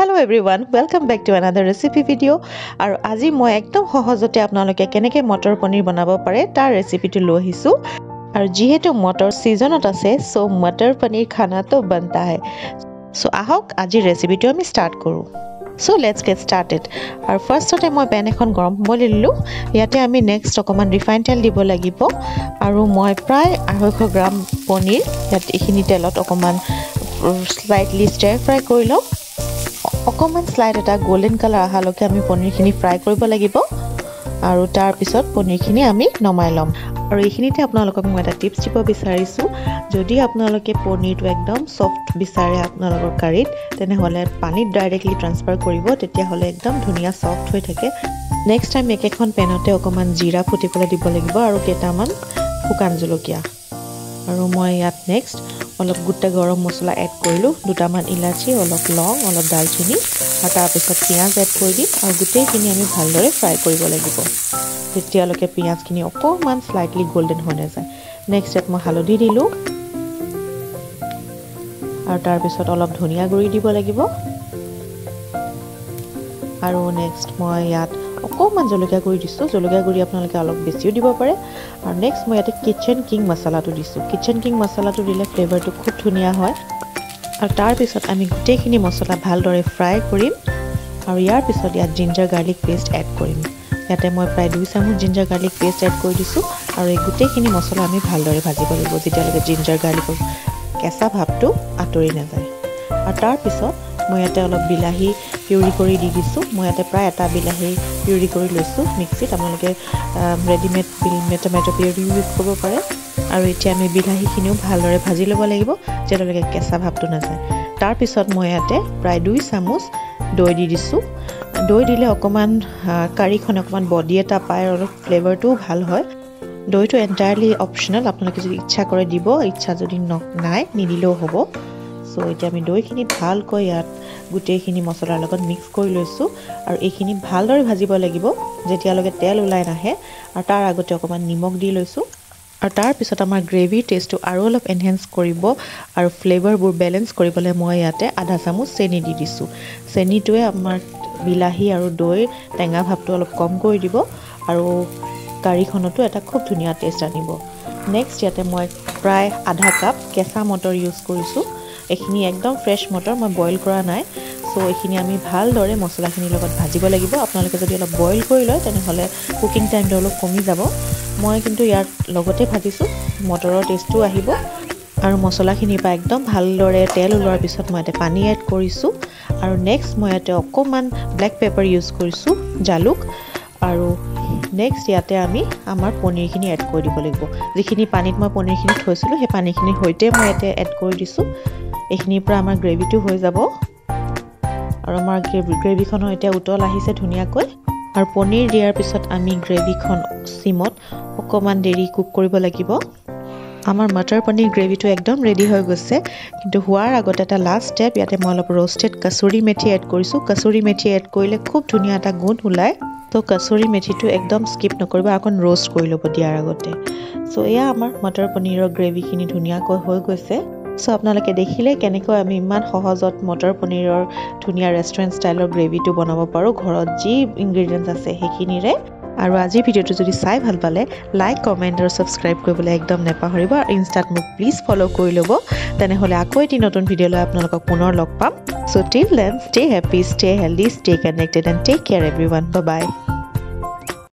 hello' everyone welcome back to another recipe video' আৰু আজি মই একদম সহজতে আপোনালোকে কেনেকৈ মটৰ পনীৰ বনাব পাৰে তাৰ ৰেচিপিটো লৈ আহিছোঁ আৰু যিহেতু মটৰ ছিজনত আছে চ' মটৰ পনীৰ খানাটো বনতা হে চ' আহক আজি ৰেচিপিটো আমি ষ্টাৰ্ট কৰোঁ so' let's get start it আৰু ফাৰ্ষ্টতে মই পেন এখন গৰম হ'ব ল'লোঁ ইয়াতে আমি নেক্সট অকণমান ৰিফাইন তেল দিব লাগিব আৰু মই প্ৰায় আঢ়ৈশ গ্ৰাম পনীৰ ইয়াত এইখিনি তেলত অকণমান শ্লাইটলি ষ্টেয়াৰ ফ্ৰাই কৰি লওঁ অকণমান শ্লাইড এটা গল্ডেন কালাৰ অহালৈকে আমি পনীৰখিনি ফ্ৰাই কৰিব লাগিব আৰু তাৰপিছত পনীৰখিনি আমি নমাই ল'ম আৰু এইখিনিতে আপোনালোকক মই এটা টিপছ দিব বিচাৰিছোঁ যদি আপোনালোকে পনীৰটো একদম ছফ্ট বিচাৰে আপোনালোকৰ কাৰীত তেনেহ'লে পানীত ডাইৰেক্টলি ট্ৰান্সফাৰ কৰিব তেতিয়াহ'লে একদম ধুনীয়া ছফ্ট হৈ থাকে নেক্সট টাইম একেখন পেনতে অকণমান জিৰা ফুটিবলৈ দিব লাগিব আৰু কেইটামান শুকান জলকীয়া আৰু মই ইয়াত নেক্সট অলপ গোটেই গৰম মছলা এড কৰিলোঁ দুটামান ইলাচি অলপ লং অলপ দালচেনি আৰু তাৰপিছত পিঁয়াজ এড কৰি দিম আৰু গোটেইখিনি আমি ভালদৰে ফ্ৰাই কৰিব লাগিব তেতিয়ালৈকে পিঁয়াজখিনি অকণমান শ্লাইটলি গ'ল্ডেন হৈ নাযায় নেক্সট ইয়াত মই হালধি দিলোঁ আৰু তাৰপিছত অলপ ধনিয়া গুড়ি দিব লাগিব আৰু নেক্সট মই ইয়াত অকণমান জলকীয়া গুড়ি দিছোঁ জলকীয়া গুড়ি আপোনালোকে অলপ বেছিও দিব পাৰে আৰু নেক্সট মই ইয়াতে কিটচেন কিং মচলাটো দিছোঁ কিটচেন কিং মচলাটো দিলে ফ্লেভাৰটো খুব ধুনীয়া হয় আৰু তাৰপিছত আমি গোটেইখিনি মচলা ভালদৰে ফ্ৰাই কৰিম আৰু ইয়াৰ পিছত ইয়াত জিঞ্জাৰ গাৰ্লিক পেষ্ট এড কৰিম ইয়াতে মই প্ৰায় দুই চামুচ জিঞ্জাৰ গাৰ্লিক পেষ্ট এড কৰি দিছোঁ আৰু এই গোটেইখিনি মচলা আমি ভালদৰে ভাজিব লাগিব যেতিয়ালৈকে জিঞ্জাৰ গাৰ্লিকৰ কেঁচা ভাৱটো আঁতৰি নাযায় আৰু তাৰপিছত মই ইয়াতে অলপ বিলাহী পিউৰি কৰি দি দিছোঁ মই ইয়াতে প্ৰায় এটা বিলাহী পিউৰি কৰি লৈছোঁ মিক্সিত আপোনালোকে ৰেডিমেড টমেট' পিউৰি ইউজ কৰিব পাৰে আৰু এতিয়া আমি বিলাহীখিনিও ভালদৰে ভাজি ল'ব লাগিব যেনেকৈ কেঁচা ভাৱটো নাযায় তাৰপিছত মই ইয়াতে প্ৰায় দুই চামুচ দৈ দি দিছোঁ দৈ দিলে অকণমান কাৰীখন অকণমান বডি এটা পায় আৰু অলপ ফ্লেভাৰটোও ভাল হয় দৈটো এণ্টায়াৰলি অপচনেল আপোনালোকে যদি ইচ্ছা কৰে দিব ইচ্ছা যদি ন নাই নিদিলেও হ'ব চ' এতিয়া আমি দৈখিনি ভালকৈ ইয়াত গোটেইখিনি মচলাৰ লগত মিক্স কৰি লৈছোঁ আৰু এইখিনি ভালদৰে ভাজিব লাগিব যেতিয়ালৈকে তেল ওলাই নাহে আৰু তাৰ আগতে অকণমান নিমখ দি লৈছোঁ আৰু তাৰপিছত আমাৰ গ্ৰেভীৰ টেষ্টটো আৰু অলপ এনহেঞ্চ কৰিব আৰু ফ্লেভাৰবোৰ বেলেঞ্চ কৰিবলৈ মই ইয়াতে আধা চামুচ চেনি দি দিছোঁ চেনিটোৱে আমাৰ বিলাহী আৰু দৈ টেঙা ভাৱটো অলপ কম কৰি দিব আৰু কাৰীখনতো এটা খুব ধুনীয়া টেষ্ট আনিব নেক্সট ইয়াতে মই প্ৰায় আধা কাপ কেঁচা মটৰ ইউজ কৰিছোঁ এইখিনি একদম ফ্ৰেছ মটৰ মই বইল কৰা নাই চ' এইখিনি আমি ভালদৰে মচলাখিনিৰ লগত ভাজিব লাগিব আপোনালোকে যদি অলপ বইল কৰি লয় তেনেহ'লে কুকিং টাইমটো অলপ কমি যাব মই কিন্তু ইয়াত লগতে ভাজিছোঁ মটৰৰ টেষ্টটো আহিব আৰু মচলাখিনি পৰা একদম ভালদৰে তেল ওলোৱাৰ পিছত মই ইয়াতে পানী এড কৰিছোঁ আৰু নেক্সট মই ইয়াতে অকণমান ব্লেক পেপাৰ ইউজ কৰিছোঁ জালুক আৰু নেক্সট ইয়াতে আমি আমাৰ পনীৰখিনি এড কৰি দিব লাগিব যিখিনি পানীত মই পনীৰখিনি থৈছিলোঁ সেই পানীখিনিৰ সৈতে মই ইয়াতে এড কৰি দিছোঁ এইখিনিৰ পৰা আমাৰ গ্ৰেভিটো হৈ যাব আৰু আমাৰ গ্ৰেভিখনৰ এতিয়া উতল আহিছে ধুনীয়াকৈ আৰু পনীৰ দিয়াৰ পিছত আমি গ্ৰেভিখন চিমত অকণমান দেৰি কুক কৰিব লাগিব আমাৰ মটৰ পনীৰ গ্ৰেভিটো একদম ৰেডি হৈ গৈছে কিন্তু হোৱাৰ আগতে এটা লাষ্ট ষ্টেপ ইয়াতে মই অলপ ৰ'ষ্টেড কাছুৰি মেথি এড কৰিছোঁ কাছুৰি মেথি এড কৰিলে খুব ধুনীয়া এটা গোন্ধ ওলায় ত' কাছুৰি মেথিটো একদম স্কিপ নকৰিব অকণ ৰ'ষ্ট কৰি ল'ব দিয়াৰ আগতে চ' এয়া আমাৰ মটৰ পনীৰৰ গ্ৰেভিখিনি ধুনীয়াকৈ হৈ গৈছে চ' আপোনালোকে দেখিলে কেনেকৈ আমি ইমান সহজত মটৰ পনীৰৰ ধুনীয়া ৰেষ্টুৰেণ্ট ষ্টাইলৰ গ্ৰেভিটো বনাব পাৰোঁ ঘৰত যি ইনগ্ৰিডিয়েণ্টছ আছে সেইখিনিৰে আৰু আজিৰ ভিডিঅ'টো যদি চাই ভাল পালে লাইক কমেণ্ট আৰু ছাবস্ক্ৰাইব কৰিবলৈ একদম নেপাহৰিব আৰু ইনষ্টাত মোক প্লিজ ফ'ল' কৰি ল'ব তেনেহ'লে আকৌ এটি নতুন ভিডিঅ' লৈ আপোনালোকক পুনৰ লগ পাম so' till then stay happy stay healthy stay connected and take care everyone ওৱান বাই